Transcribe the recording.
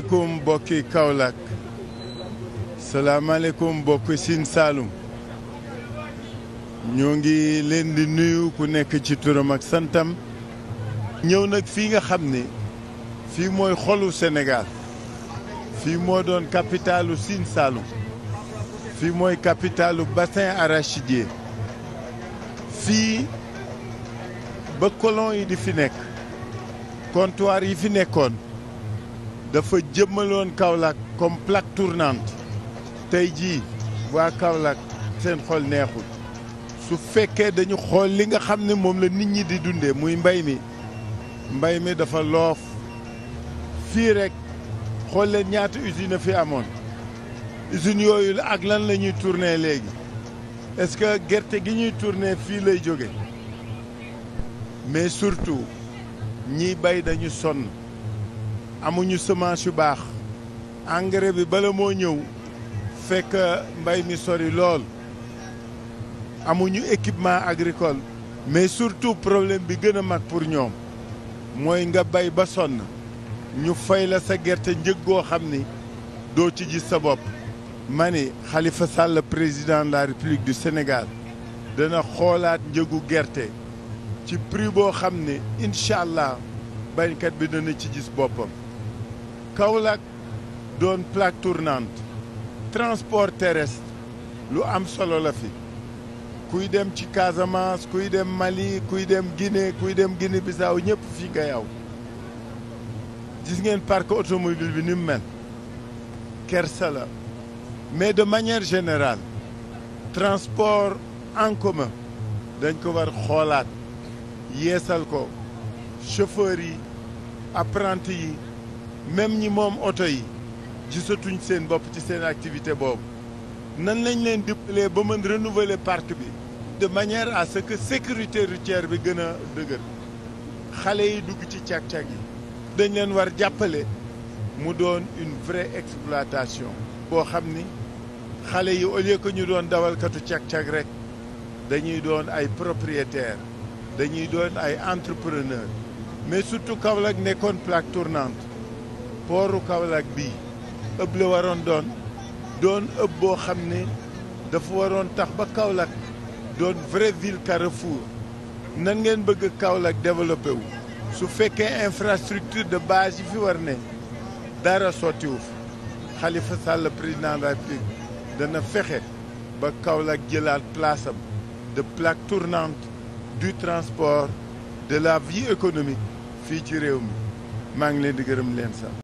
salaamaaleykum mbokki Kaolack salaamaaleykum mbokki Sine ñoo ngi leen di nuyu ku nekk ci turam ak santam ñëw nag fii nga xam ni fii mooy xolu Sénégal fii moo doon capitalu siin Saloum fii mooy capitalu bassin arachidier fii ba colon yi di fi nekk comptoir yi fi nekkoon dafa jëmmaloon Kaolack comme plaque tey jii waa Kaolack seen xol neexul su fekkee dañu xool li nga xam ne moom la nit ñi di dundee muy mbay mi mbay mi dafa loof fii rek xool leen ñaata usine fi amoon usine yooyu la ak lan la ñuy tourner léegi est-ce que gerte gi ñuy tourner fii lay jóge mais surtout ñiy bay dañu sonn amuñu semence yu baax engrais bi bala moo ñëw fekk mbay mi sori lool amuñu équipement agricole mais surtout problème bi gën a mag pour ñoom mooy nga bay ba sonn ñu fay la sa gerte njëg goo xam ni doo ci gis sa bopp ma ni Khalifa Sall président la République du Sénégal dana xoolaat njëgu gerte ci prix boo xam ne incha allah baykat bi dana ci gis boppam Kaolack doon plaque tournante transport terrestre lu am solo la fi kuy dem ci Casamance kuy dem Mali kuy dem Guinée kuy dem Guinée Bissau ñëpp fii ngay aw gis ngeen parc automobile bi ni mu mel kersa la mais de manière générale transport en commun dañ ko war xoolaat yeesal ko chauffeur yi apprenti yi même ñi moom oto yi gisatuñ seen bopp ci seen activité boobu nan lañ leen dimbalee ba mën renouveler parc bi de manière à ce que sécurité routière bi gën a dëgër xale yi dugg ci cag-cag yi dañ leen war jàppale mu doon une vraie exploitation boo xam ni xale yi au lieu que ñu doon dawalkatu cag-cag rek dañuy doon ay propriétaire dañuy doon ay entrepreneur mais surtout Kaolack nekkoon plaque tournante pooru Kaolack bii ëpp la waroon doon doon ëpp boo xam ne dafa waroon tax ba Kaolack doon vraie ville carrefour nan ngeen bëgg Kaolack développé wu su fekkee infrastructure de base yi fi war ne dara sottiwu fi Khalifa Sall président de la République dana fexe ba Kaolack jëlaat place am de plaque tournante du transport de la vie économique fii ci réew mi maa ngi leen di gërëm leen sax